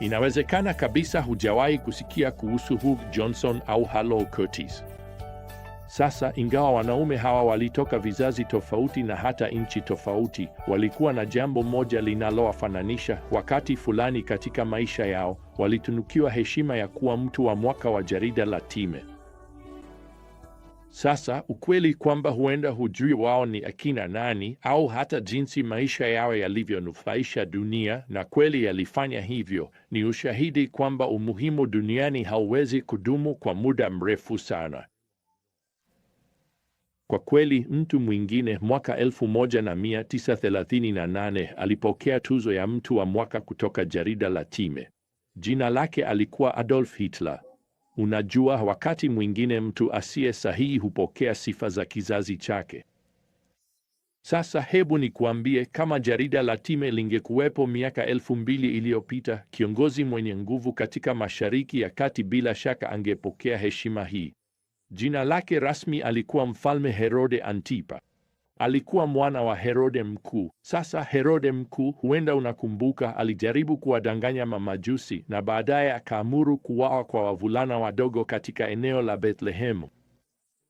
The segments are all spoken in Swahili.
Inawezekana kabisa hujawahi kusikia kuhusu Hugh Johnson au halo Curtis. Sasa, ingawa wanaume hawa walitoka vizazi tofauti na hata nchi tofauti, walikuwa na jambo moja linalowafananisha. Wakati fulani katika maisha yao, walitunukiwa heshima ya kuwa mtu wa mwaka wa jarida la Time. Sasa ukweli kwamba huenda hujui wao ni akina nani au hata jinsi maisha yao yalivyonufaisha dunia na kweli yalifanya hivyo, ni ushahidi kwamba umuhimu duniani hauwezi kudumu kwa muda mrefu sana. Kwa kweli, mtu mwingine mwaka 1938 alipokea tuzo ya mtu wa mwaka kutoka jarida la Time. Jina lake alikuwa Adolf Hitler. Unajua, wakati mwingine mtu asiye sahihi hupokea sifa za kizazi chake. Sasa hebu nikuambie, kama jarida la Time lingekuwepo miaka elfu mbili iliyopita, kiongozi mwenye nguvu katika Mashariki ya Kati bila shaka angepokea heshima hii. Jina lake rasmi alikuwa Mfalme Herode Antipa alikuwa mwana wa Herode Mkuu. Sasa Herode Mkuu, huenda unakumbuka, alijaribu kuwadanganya mamajusi na baadaye akaamuru kuwawa kwa wavulana wadogo katika eneo la Bethlehemu.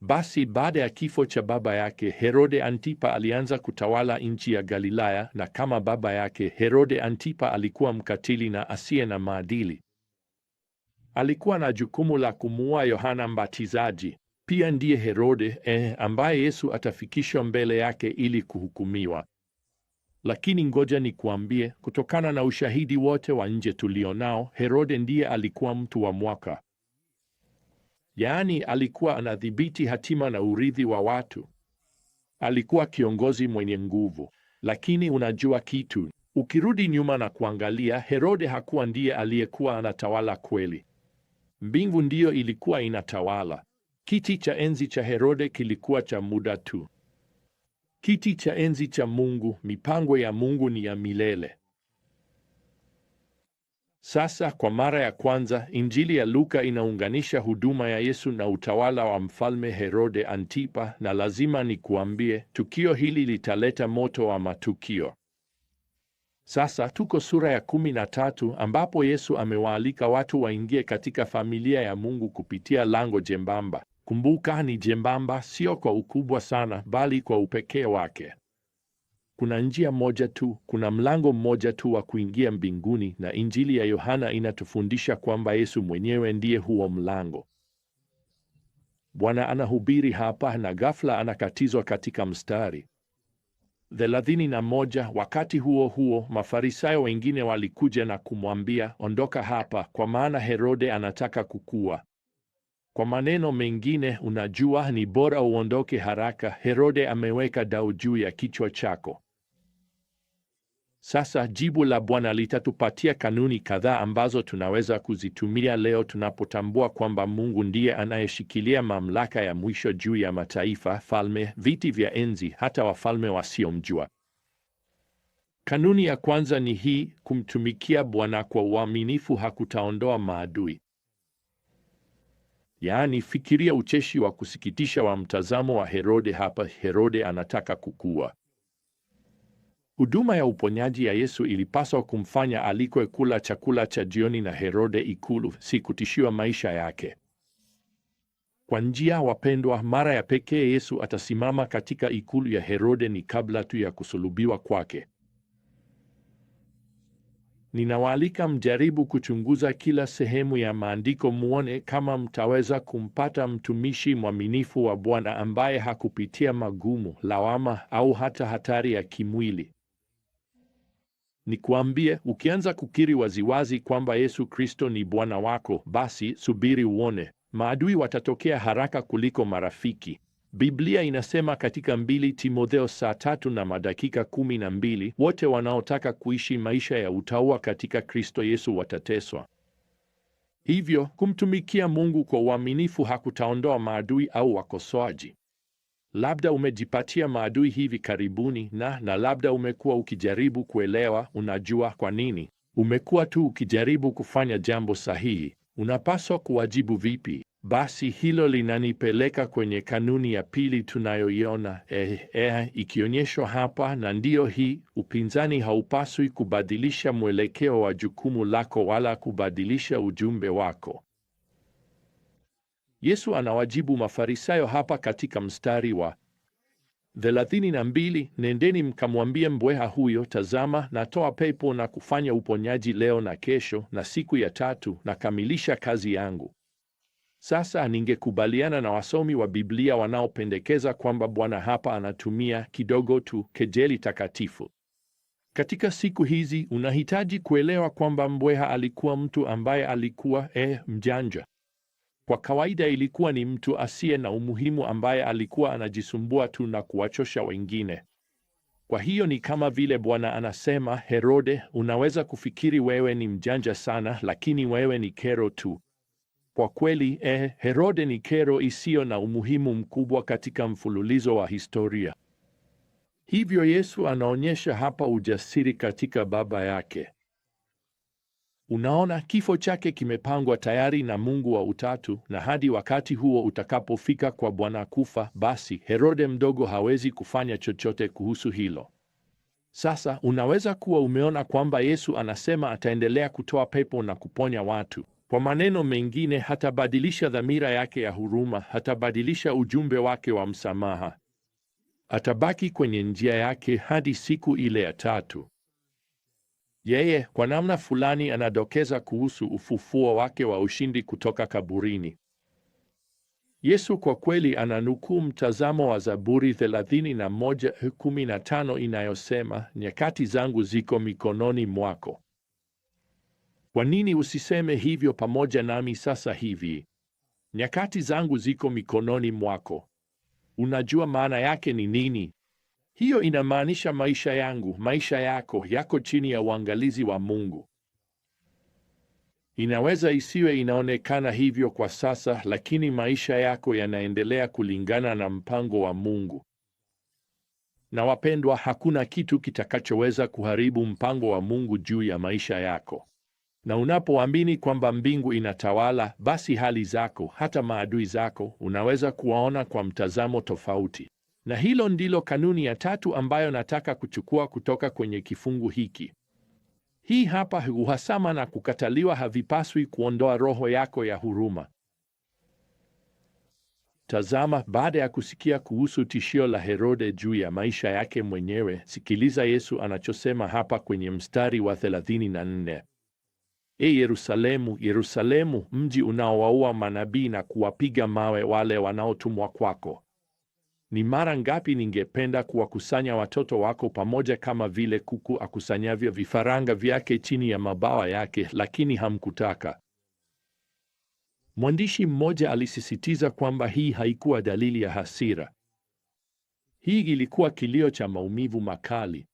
Basi baada ya kifo cha baba yake Herode Antipa alianza kutawala nchi ya Galilaya, na kama baba yake Herode Antipa alikuwa mkatili na asiye na maadili, alikuwa na jukumu la kumuua Yohana Mbatizaji. Pia ndiye Herode eh, ambaye Yesu atafikishwa mbele yake ili kuhukumiwa. Lakini ngoja nikuambie, kutokana na ushahidi wote wa nje tulionao, Herode ndiye alikuwa mtu wa mwaka, yaani alikuwa anadhibiti hatima na urithi wa watu. Alikuwa kiongozi mwenye nguvu. Lakini unajua kitu, ukirudi nyuma na kuangalia, Herode hakuwa ndiye aliyekuwa anatawala kweli. Mbingu ndiyo ilikuwa inatawala. Kiti cha enzi cha Herode kilikuwa cha muda tu. Kiti cha enzi cha Mungu, mipango ya Mungu ni ya milele. Sasa kwa mara ya kwanza Injili ya Luka inaunganisha huduma ya Yesu na utawala wa Mfalme Herode Antipa, na lazima nikuambie, tukio hili litaleta moto wa matukio. Sasa tuko sura ya kumi na tatu ambapo Yesu amewaalika watu waingie katika familia ya Mungu kupitia lango jembamba. Kumbuka, ni jembamba, sio kwa ukubwa sana, bali kwa upekee wake. Kuna njia moja tu, kuna mlango mmoja tu wa kuingia mbinguni, na Injili ya Yohana inatufundisha kwamba Yesu mwenyewe ndiye huo mlango. Bwana anahubiri hapa na ghafla anakatizwa katika mstari thelathini na moja. Wakati huo huo, Mafarisayo wengine walikuja na kumwambia, ondoka hapa, kwa maana Herode anataka kukua. Kwa maneno mengine, unajua, ni bora uondoke haraka. Herode ameweka dau juu ya kichwa chako. Sasa jibu la Bwana litatupatia kanuni kadhaa ambazo tunaweza kuzitumia leo tunapotambua kwamba Mungu ndiye anayeshikilia mamlaka ya mwisho juu ya mataifa, falme, viti vya enzi, hata wafalme wasiomjua. Kanuni ya kwanza ni hii: kumtumikia Bwana kwa uaminifu hakutaondoa maadui. Yaani, fikiria ucheshi wa kusikitisha wa mtazamo wa Herode hapa. Herode anataka kukua. Huduma ya uponyaji ya Yesu ilipaswa kumfanya alikwe kula chakula cha jioni na Herode ikulu, si kutishiwa maisha yake. Kwa njia, wapendwa, mara ya pekee Yesu atasimama katika ikulu ya Herode ni kabla tu ya kusulubiwa kwake. Ninawaalika mjaribu kuchunguza kila sehemu ya maandiko, muone kama mtaweza kumpata mtumishi mwaminifu wa Bwana ambaye hakupitia magumu, lawama au hata hatari ya kimwili. Nikuambie, ukianza kukiri waziwazi kwamba Yesu Kristo ni Bwana wako, basi subiri uone, maadui watatokea haraka kuliko marafiki. Biblia inasema katika mbili Timotheo saa tatu na madakika kumi na mbili wote wanaotaka kuishi maisha ya utauwa katika Kristo Yesu watateswa. Hivyo kumtumikia Mungu kwa uaminifu hakutaondoa maadui au wakosoaji. Labda umejipatia maadui hivi karibuni, na na labda umekuwa ukijaribu kuelewa. Unajua kwa nini? Umekuwa tu ukijaribu kufanya jambo sahihi. Unapaswa kuwajibu vipi? Basi hilo linanipeleka kwenye kanuni ya pili tunayoiona eh, eh, ikionyeshwa hapa, na ndiyo hii: upinzani haupaswi kubadilisha mwelekeo wa jukumu lako wala kubadilisha ujumbe wako. Yesu anawajibu Mafarisayo hapa katika mstari wa 32 nendeni mkamwambie mbweha huyo, tazama, natoa pepo na kufanya uponyaji leo na kesho, na siku ya tatu nakamilisha kazi yangu. Sasa ningekubaliana na wasomi wa Biblia wanaopendekeza kwamba Bwana hapa anatumia kidogo tu kejeli takatifu. Katika siku hizi unahitaji kuelewa kwamba mbweha alikuwa mtu ambaye alikuwa eh, mjanja. Kwa kawaida ilikuwa ni mtu asiye na umuhimu ambaye alikuwa anajisumbua tu na kuwachosha wengine. Kwa hiyo ni kama vile Bwana anasema, Herode, unaweza kufikiri wewe ni mjanja sana, lakini wewe ni kero tu. Kwa kweli, eh, Herode ni kero isiyo na umuhimu mkubwa katika mfululizo wa historia. Hivyo Yesu anaonyesha hapa ujasiri katika Baba yake. Unaona, kifo chake kimepangwa tayari na Mungu wa Utatu, na hadi wakati huo utakapofika kwa Bwana kufa, basi Herode mdogo hawezi kufanya chochote kuhusu hilo. Sasa unaweza kuwa umeona kwamba Yesu anasema ataendelea kutoa pepo na kuponya watu. Kwa maneno mengine, hatabadilisha dhamira yake ya huruma, hatabadilisha ujumbe wake wa msamaha. Atabaki kwenye njia yake hadi siku ile ya tatu. Yeye kwa namna fulani anadokeza kuhusu ufufuo wake wa ushindi kutoka kaburini. Yesu kwa kweli ananukuu mtazamo wa Zaburi 31:15 inayosema, nyakati zangu ziko mikononi mwako kwa nini usiseme hivyo pamoja nami sasa hivi? Nyakati zangu ziko mikononi mwako. Unajua maana yake ni nini? Hiyo inamaanisha maisha yangu, maisha yako yako chini ya uangalizi wa Mungu. Inaweza isiwe inaonekana hivyo kwa sasa, lakini maisha yako yanaendelea kulingana na mpango wa Mungu. Na wapendwa, hakuna kitu kitakachoweza kuharibu mpango wa Mungu juu ya maisha yako. Na unapoamini kwamba mbingu inatawala, basi hali zako, hata maadui zako, unaweza kuwaona kwa mtazamo tofauti. Na hilo ndilo kanuni ya tatu ambayo nataka kuchukua kutoka kwenye kifungu hiki. Hii hapa: uhasama na kukataliwa havipaswi kuondoa roho yako ya huruma. Tazama, baada ya kusikia kuhusu tishio la Herode juu ya maisha yake mwenyewe, sikiliza Yesu anachosema hapa kwenye mstari wa 34. E Yerusalemu, Yerusalemu, mji unaowaua manabii na kuwapiga mawe wale wanaotumwa kwako! Ni mara ngapi ningependa kuwakusanya watoto wako pamoja kama vile kuku akusanyavyo vifaranga vyake chini ya mabawa yake, lakini hamkutaka. Mwandishi mmoja alisisitiza kwamba hii haikuwa dalili ya hasira. Hii ilikuwa kilio cha maumivu makali.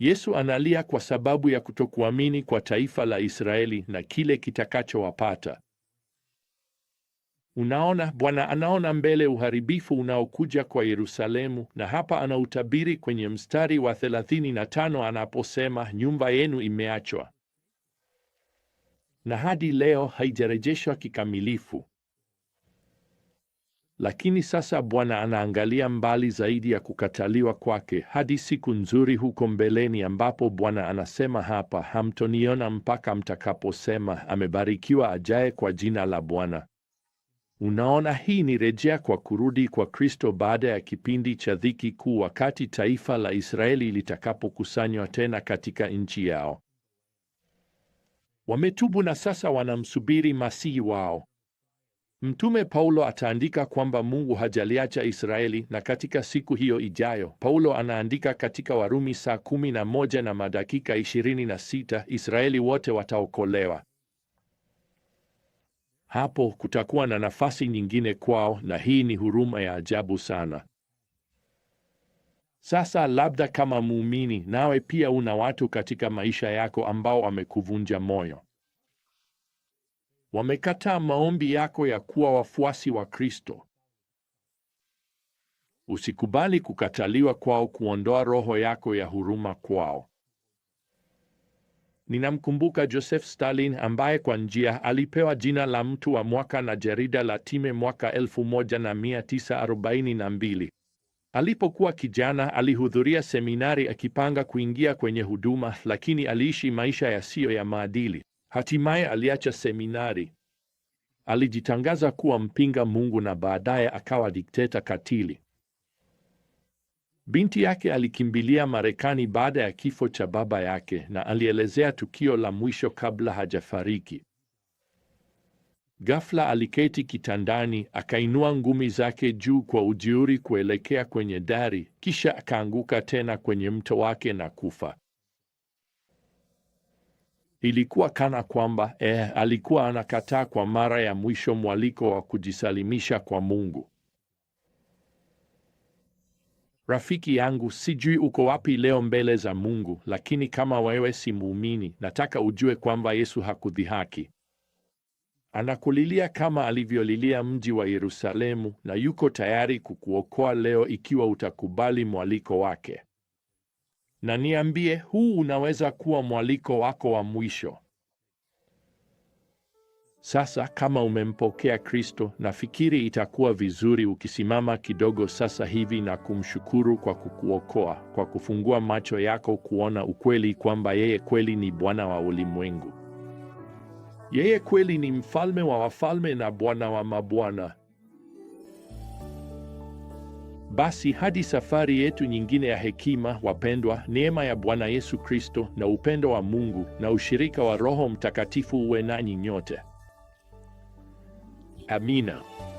Yesu analia kwa sababu ya kutokuamini kwa taifa la Israeli na kile kitakachowapata. Unaona, Bwana anaona mbele uharibifu unaokuja kwa Yerusalemu, na hapa anautabiri kwenye mstari wa 35 anaposema, nyumba yenu imeachwa na hadi leo haijarejeshwa kikamilifu. Lakini sasa Bwana anaangalia mbali zaidi ya kukataliwa kwake hadi siku nzuri huko mbeleni, ambapo Bwana anasema hapa, hamtoniona mpaka mtakaposema, amebarikiwa ajaye kwa jina la Bwana. Unaona, hii ni rejea kwa kurudi kwa Kristo baada ya kipindi cha dhiki kuu, wakati taifa la Israeli litakapokusanywa tena katika nchi yao. Wametubu na sasa wanamsubiri masihi wao. Mtume Paulo ataandika kwamba Mungu hajaliacha Israeli, na katika siku hiyo ijayo, Paulo anaandika katika Warumi saa kumi na moja na madakika ishirini na sita Israeli wote wataokolewa. Hapo kutakuwa na nafasi nyingine kwao, na hii ni huruma ya ajabu sana. Sasa labda kama muumini, nawe pia una watu katika maisha yako ambao wamekuvunja moyo Wamekataa maombi yako ya kuwa wafuasi wa Kristo. Usikubali kukataliwa kwao kuondoa roho yako ya huruma kwao. Ninamkumbuka Joseph Stalin ambaye kwa njia alipewa jina la mtu wa mwaka na jarida la Time mwaka 1942. Alipokuwa kijana alihudhuria seminari akipanga kuingia kwenye huduma, lakini aliishi maisha yasiyo ya maadili. Hatimaye aliacha seminari. Alijitangaza kuwa mpinga Mungu na baadaye akawa dikteta katili. Binti yake alikimbilia Marekani baada ya kifo cha baba yake na alielezea tukio la mwisho kabla hajafariki. Ghafla aliketi kitandani, akainua ngumi zake juu kwa ujiuri kuelekea kwenye dari, kisha akaanguka tena kwenye mto wake na kufa. Ilikuwa kana kwamba eh, alikuwa anakataa kwa mara ya mwisho mwaliko wa kujisalimisha kwa Mungu. Rafiki yangu, sijui uko wapi leo mbele za Mungu, lakini kama wewe si muumini, nataka ujue kwamba Yesu hakudhihaki. Anakulilia kama alivyolilia mji wa Yerusalemu na yuko tayari kukuokoa leo ikiwa utakubali mwaliko wake na niambie, huu unaweza kuwa mwaliko wako wa mwisho. Sasa kama umempokea Kristo, nafikiri itakuwa vizuri ukisimama kidogo sasa hivi na kumshukuru kwa kukuokoa, kwa kufungua macho yako kuona ukweli kwamba yeye kweli ni Bwana wa ulimwengu. Yeye kweli ni mfalme wa wafalme na Bwana wa mabwana. Basi hadi safari yetu nyingine ya hekima, wapendwa, neema ya Bwana Yesu Kristo na upendo wa Mungu na ushirika wa Roho Mtakatifu uwe nanyi nyote. Amina.